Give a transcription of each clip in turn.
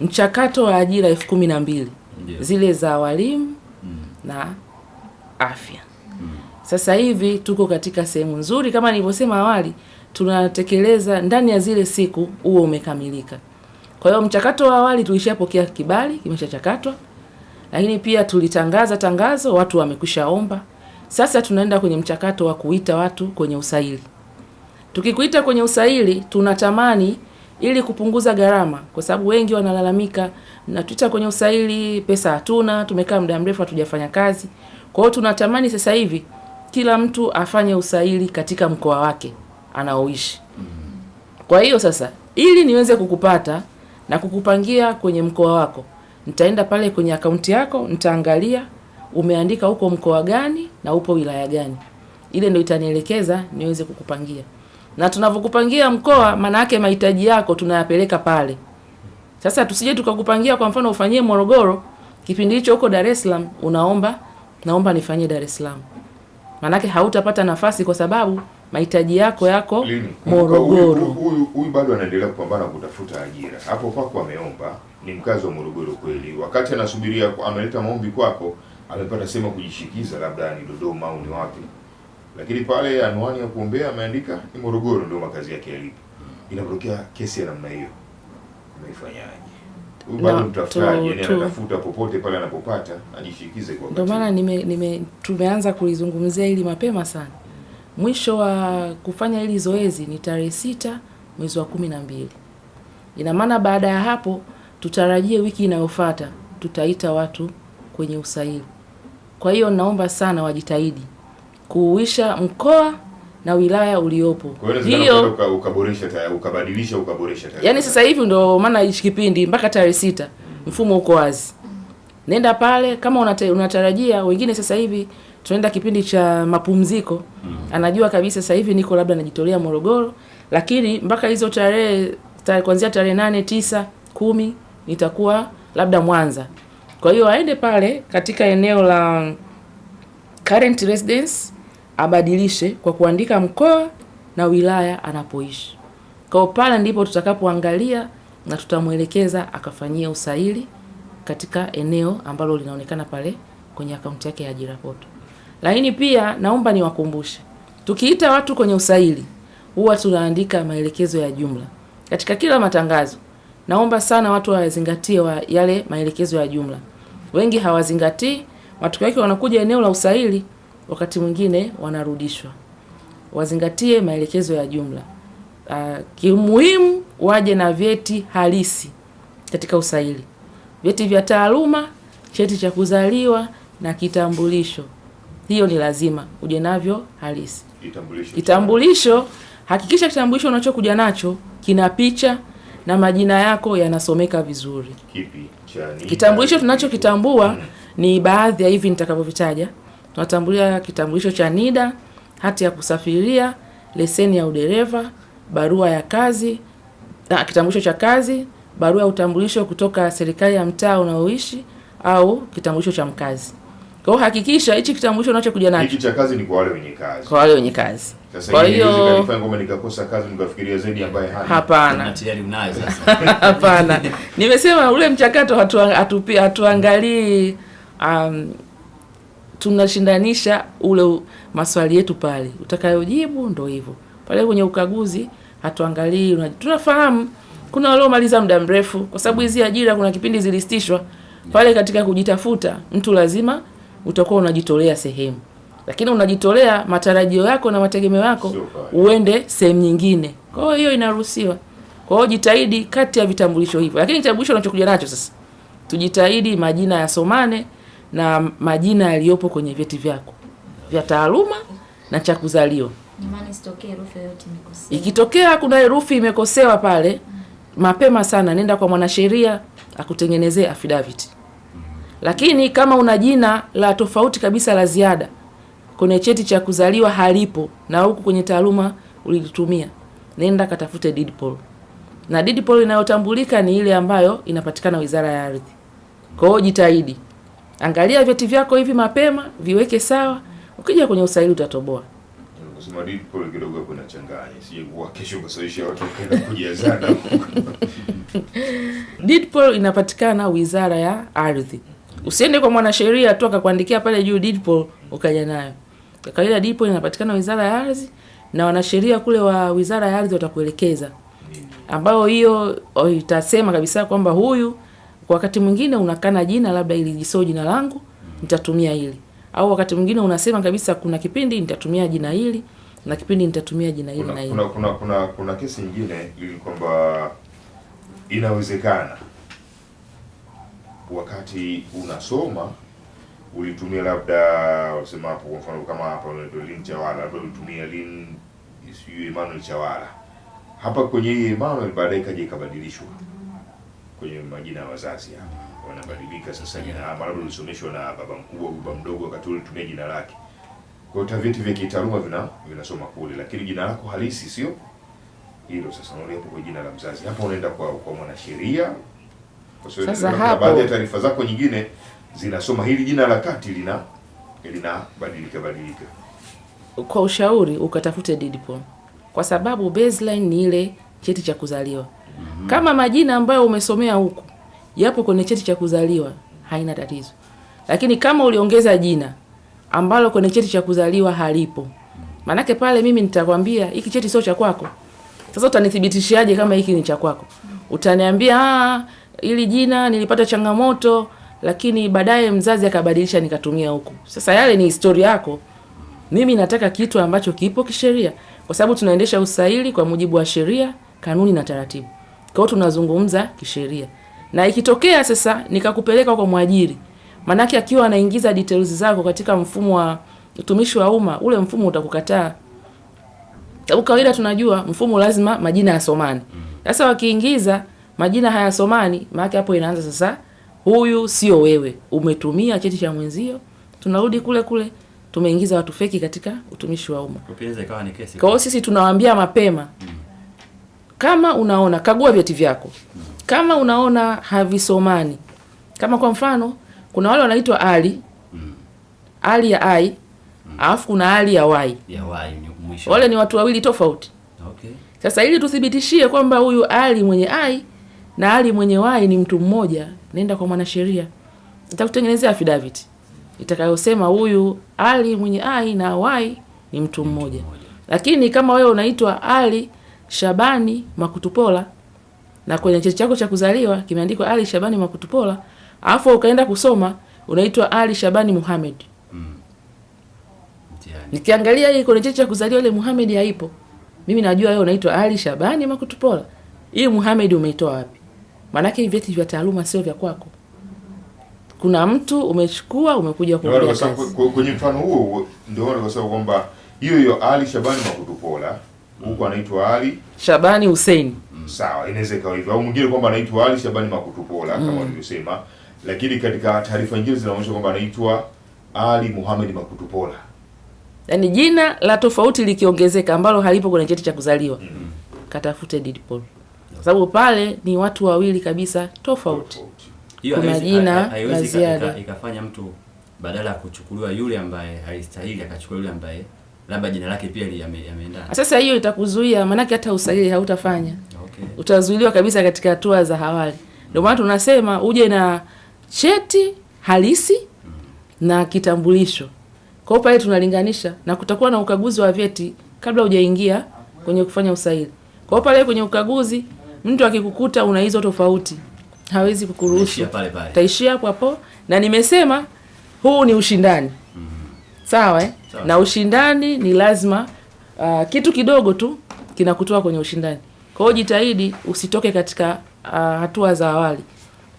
Mchakato wa ajira elfu kumi na mbili yeah. zile za walimu mm. na afya mm. Sasa hivi tuko katika sehemu nzuri, kama nilivyosema awali, tunatekeleza ndani ya zile siku, huo umekamilika. Kwa hiyo mchakato wa awali tulishapokea kibali, kimeshachakatwa, lakini pia tulitangaza tangazo, watu wamekwisha omba. Sasa tunaenda kwenye mchakato wa kuita watu kwenye usaili. Tukikuita kwenye usaili tunatamani ili kupunguza gharama, kwa sababu wengi wanalalamika, natuita kwenye usaili, pesa hatuna, tumekaa muda mrefu hatujafanya kazi. Kwa hiyo tunatamani sasa hivi kila mtu afanye usaili katika mkoa wake anaoishi. Kwa hiyo sasa, ili niweze kukupata na kukupangia kwenye mkoa wako, nitaenda pale kwenye akaunti yako, nitaangalia umeandika huko mkoa gani na upo wilaya gani, ile ndio itanielekeza niweze kukupangia na tunavyokupangia mkoa, maana yake mahitaji yako tunayapeleka pale. Sasa tusije tukakupangia kwa mfano ufanyie Morogoro, kipindi hicho huko Dar es Salaam unaomba naomba nifanyie Dar es Salaam, yake hautapata nafasi kwa sababu mahitaji yako yako Morogoro. Huyu bado anaendelea kupambana kutafuta ajira. Hapo kwako ameomba, ni mkazi wa Morogoro kweli, wakati anasubiria ameleta maombi kwako, amepata sema kujishikiza, labda ni Dodoma au ni wapi? lakini pale anwani ya kuombea ameandika ni Morogoro, ndio makazi yake yalipo. Hmm. Inapotokea kesi ya namna hiyo, unaifanyaje? bado mtafutaji, anatafuta popote pale anapopata ajishikize kwa. Ndio maana nime, nime tumeanza kulizungumzia hili mapema sana. Mwisho wa kufanya hili zoezi ni tarehe sita mwezi wa kumi na mbili. Ina maana baada ya hapo tutarajie wiki inayofuata tutaita watu kwenye usaili. Kwa hiyo naomba sana wajitahidi kuuisha mkoa na wilaya uliopo. Hiyo ukaboresha uka ukabadilisha ukaboresha tayari. Yaani sasa hivi ndio maana hichi kipindi mpaka tarehe sita mfumo uko wazi. Nenda pale kama unata, unatarajia wengine sasa hivi tunaenda kipindi cha mapumziko -hmm. Anajua kabisa sasa hivi niko labda najitolea Morogoro, lakini mpaka hizo tarehe tare, kuanzia tarehe nane, tisa, kumi nitakuwa labda Mwanza. Kwa hiyo aende pale katika eneo la current residence abadilishe kwa kuandika mkoa na wilaya anapoishi. Kwa pale ndipo tutakapoangalia na tutamwelekeza akafanyia usaili katika eneo ambalo linaonekana pale kwenye akaunti yake ya ajira poto. Lakini pia naomba niwakumbushe, tukiita watu kwenye usaili huwa tunaandika maelekezo ya jumla katika kila matangazo. Naomba sana watu wazingatie wa yale maelekezo ya jumla. Wengi hawazingatii, matokeo yake wanakuja eneo la usaili wakati mwingine wanarudishwa. Wazingatie maelekezo ya jumla. Uh, kimuhimu waje na vyeti halisi katika usaili, vyeti vya taaluma, cheti cha kuzaliwa na kitambulisho. Hiyo ni lazima uje navyo halisi. Kitambulisho, kitambulisho hakikisha kitambulisho unachokuja nacho kina picha na majina yako yanasomeka vizuri. Kipi kitambulisho tunachokitambua mm. ni baadhi ya hivi nitakavyovitaja tunatambulia kitambulisho cha NIDA, hati ya kusafiria, leseni ya udereva, barua ya kazi na kitambulisho cha kazi, barua ya utambulisho kutoka serikali ya mtaa unaoishi au kitambulisho cha mkazi. Kwa hiyo hakikisha hichi kitambulisho unachokuja nacho. Hichi cha kazi ni kwa wale wenye kazi. Kwa wale wenye kazi. Kwa hiyo ngoma nikakosa kazi nikafikiria zaidi ambaye hana. Hapana. Tayari mnaye sasa. Hapana. Nimesema ule mchakato hatu, hatu, hatu um, tunashindanisha ule maswali yetu pale, utakayojibu ndo hivyo pale. Kwenye ukaguzi hatuangalii una, tunafahamu kuna waliomaliza muda mrefu, kwa sababu hizi ajira kuna kipindi zilisitishwa pale. Katika kujitafuta mtu lazima utakuwa unajitolea sehemu, lakini unajitolea matarajio yako na mategemeo yako uende sehemu nyingine. Kwa hiyo hiyo inaruhusiwa. Kwa hiyo jitahidi kati ya vitambulisho hivyo, lakini kitambulisho unachokuja nacho sasa, tujitahidi majina yasomane na majina yaliyopo kwenye vyeti vyako vya taaluma na cha kuzaliwa. Ikitokea kuna herufi imekosewa pale, mapema sana nenda kwa mwanasheria akutengenezee affidavit. Lakini kama una jina la tofauti kabisa la ziada kwenye cheti cha kuzaliwa halipo, na huku kwenye taaluma ulitumia, nenda katafute didpol, na didpol inayotambulika ni ile ambayo inapatikana Wizara ya Ardhi. Kwa hiyo jitahidi Angalia vyeti vyako hivi mapema, viweke sawa, ukija kwenye usaili utatoboa. DIDPOL inapatikana Wizara ya Ardhi. Usiende kwa mwanasheria tu akakuandikia pale juu DIDPOL ukaja nayo. Kwa kawaida DIDPOL inapatikana Wizara ya Ardhi na wanasheria kule wa Wizara ya Ardhi watakuelekeza, ambao hiyo oh, itasema kabisa kwamba huyu Wakati mwingine unakana jina labda, ili jina langu nitatumia hili, au wakati mwingine unasema kabisa, kuna kipindi nitatumia jina hili na kipindi nitatumia jina hili na hili. Kuna, kuna, kuna, kuna kesi nyingine ili kwamba inawezekana wakati unasoma ulitumia labda usema hapo, kwa mfano kama hapa ndio Lin Chawala, labda ulitumia Lin sijui Emmanuel Chawala hapa kwenye hii Emmanuel, baadaye ikaja ikabadilishwa kwenye majina ya wazazi hapa wanabadilika sasa mm. jina hapa, labda ulisomeshwa na baba mkubwa, baba mdogo, wakati ule tumia jina lake. Kwa hiyo vitu vya kitaaluma vina vinasoma kule, lakini jina lako halisi sio hilo. Sasa unaona hapo kwa jina la mzazi hapo, unaenda kwa kwa mwanasheria, kwa sababu baadhi ya taarifa zako nyingine zinasoma hili jina la kati lina lina badilika badilika. Kwa ushauri ukatafute DIDPO, kwa sababu baseline ni ile cheti cha kuzaliwa kama majina ambayo umesomea huku yapo kwenye cheti cha kuzaliwa haina tatizo, lakini kama uliongeza jina ambalo kwenye cheti cha kuzaliwa halipo, maanake pale mimi nitakwambia hiki cheti sio cha kwako. Sasa utanithibitishiaje kama hiki ni cha kwako? Utaniambia ah, ili jina nilipata changamoto, lakini baadaye mzazi akabadilisha nikatumia huku. Sasa yale ni historia yako. Mimi nataka kitu ambacho kipo kisheria, kwa sababu tunaendesha usaili kwa mujibu wa sheria, kanuni na taratibu kwao tunazungumza kisheria, na ikitokea sasa nikakupeleka kwa mwajiri, manake akiwa anaingiza details zako katika mfumo wa utumishi wa umma, ule mfumo utakukataa sababu kawaida tunajua mfumo lazima majina yasomane. Sasa wakiingiza majina hayasomani, maana hapo inaanza sasa, huyu sio wewe, umetumia cheti cha mwenzio. Tunarudi kule kule, tumeingiza watu feki katika utumishi wa umma. Kwa hiyo sisi tunawaambia mapema mm. Kama unaona kagua vyeti vyako, kama unaona havisomani, kama kwa mfano kuna wale wanaitwa ali ali ya ai alafu kuna ali ya wai wale ni watu wawili tofauti. Okay. Sasa ili tuthibitishie kwamba huyu ali mwenye ai na ali mwenye wai ni mtu mmoja, nenda kwa mwanasheria, nitakutengenezea affidavit itakayosema huyu ali mwenye ai na wai ni mtu mmoja, mtu mmoja. Lakini kama wewe unaitwa ali Shabani Makutupola na kwenye cheti chako cha kuzaliwa kimeandikwa Ali Shabani Makutupola, alafu ukaenda kusoma unaitwa Ali Shabani Muhammad. Mm. Nikiangalia hii kwenye cheti cha kuzaliwa ile Muhammad haipo. Mimi najua wewe unaitwa Ali Shabani Makutupola. Hii Muhammad umeitoa wapi? Maanake vyeti vya taaluma sio vya kwako. Kuna mtu umechukua umekuja kuongea. Kwenye mfano huo ndio wale kwa kwamba hiyo hiyo Ali Shabani Makutupola huko anaitwa Ali Shabani Hussein. Mm, sawa, inaweza ikawa hivyo, au mwingine kwamba anaitwa Ali Shabani Makutupola kama nilivyosema, mm. lakini katika taarifa nyingine zinaonyesha kwamba anaitwa Ali Muhammad Makutupola, yaani jina la tofauti likiongezeka ambalo halipo kwenye cheti cha kuzaliwa mm katafute Didpol kwa sababu pale ni watu wawili kabisa tofauti, Hiyo kuna jina la ziada ikafanya mtu badala ya kuchukuliwa yule ambaye haistahili akachukuliwa yule ambaye labda jina lake pia yameendana. Sasa hiyo itakuzuia, maanake hata usajili hautafanya okay. Utazuiliwa kabisa katika hatua za awali. Ndio maana tunasema uje na cheti halisi mm na kitambulisho. Kwa hiyo pale tunalinganisha na kutakuwa na ukaguzi wa vyeti kabla hujaingia kwenye kufanya usajili. Kwa hiyo pale kwenye ukaguzi mtu akikukuta una hizo tofauti hawezi kukuruhusu, taishia hapo hapo, na nimesema huu ni ushindani mm -hmm sawa, eh? Na ushindani ni lazima, uh, kitu kidogo tu kinakutoa kwenye ushindani. Kwa hiyo jitahidi usitoke katika uh, hatua za awali,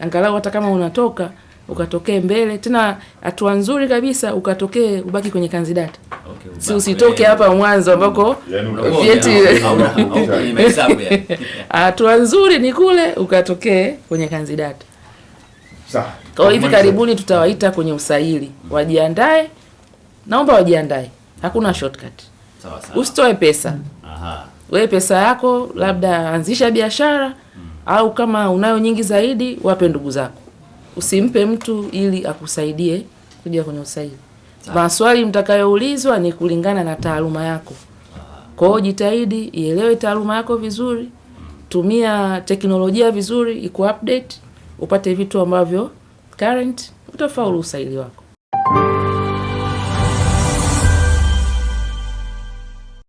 angalau hata kama unatoka ukatokee mbele, tena hatua nzuri kabisa ukatokee ubaki kwenye kanzidata. Okay, si usitoke hapa mwanzo ambako mm. yaani yaani vyeti. Yaani. Hatua nzuri ni kule ukatokee kwenye kanzidata. kwao hivi karibuni tutawaita kwenye usahili, wajiandae naomba wajiandae, hakuna shortcut. usitoe pesa. Aha, wewe pesa yako labda anzisha biashara hmm, au kama unayo nyingi zaidi wape ndugu zako, usimpe mtu ili akusaidie kuja kwenye usaili. Maswali mtakayoulizwa ni kulingana na taaluma yako. kwao jitahidi ielewe taaluma yako vizuri, mm. tumia teknolojia vizuri, iku update, upate vitu ambavyo current, utafaulu usaili wako.